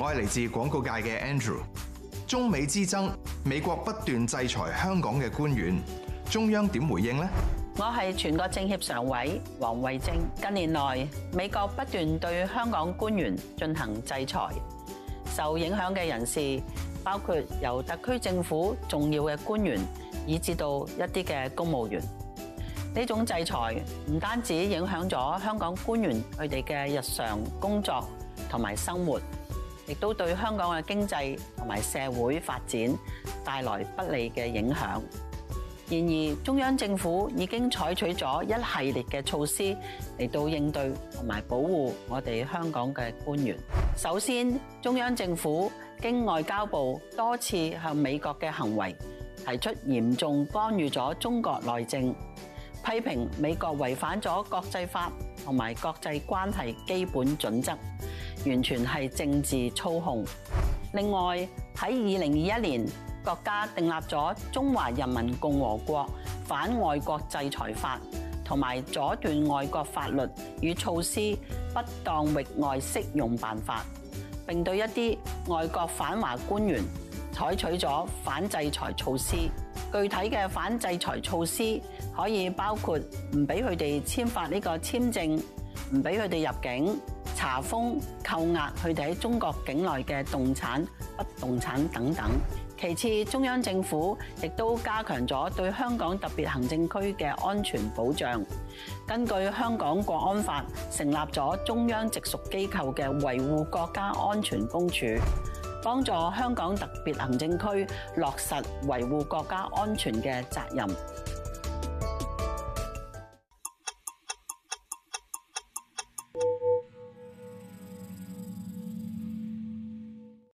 我係嚟自廣告界嘅 Andrew。中美之爭，美國不斷制裁香港嘅官員，中央點回應呢？我係全國政協常委王惠貞。近年來，美國不斷對香港官員進行制裁，受影響嘅人士包括由特區政府重要嘅官員，以至到一啲嘅公務員。呢種制裁唔單止影響咗香港官員佢哋嘅日常工作同埋生活，亦都對香港嘅經濟同埋社會發展帶來不利嘅影響。然而，中央政府已經採取咗一系列嘅措施嚟到應對同埋保護我哋香港嘅官員。首先，中央政府經外交部多次向美國嘅行為提出嚴重干預咗中國內政，批評美國違反咗國際法同埋國際關係基本準則。完全係政治操控。另外，喺二零二一年，國家訂立咗《中華人民共和國反外國制裁法》同埋《阻斷外國法律與措施不當域外適用辦法》，並對一啲外國反華官員採取咗反制裁措施。具體嘅反制裁措施可以包括唔俾佢哋簽發呢個簽證，唔俾佢哋入境。查封、扣押佢哋喺中國境內嘅動產、不動產等等。其次，中央政府亦都加強咗對香港特別行政區嘅安全保障。根據香港國安法，成立咗中央直屬機構嘅維護國家安全公署，幫助香港特別行政區落實維護國家安全嘅責任。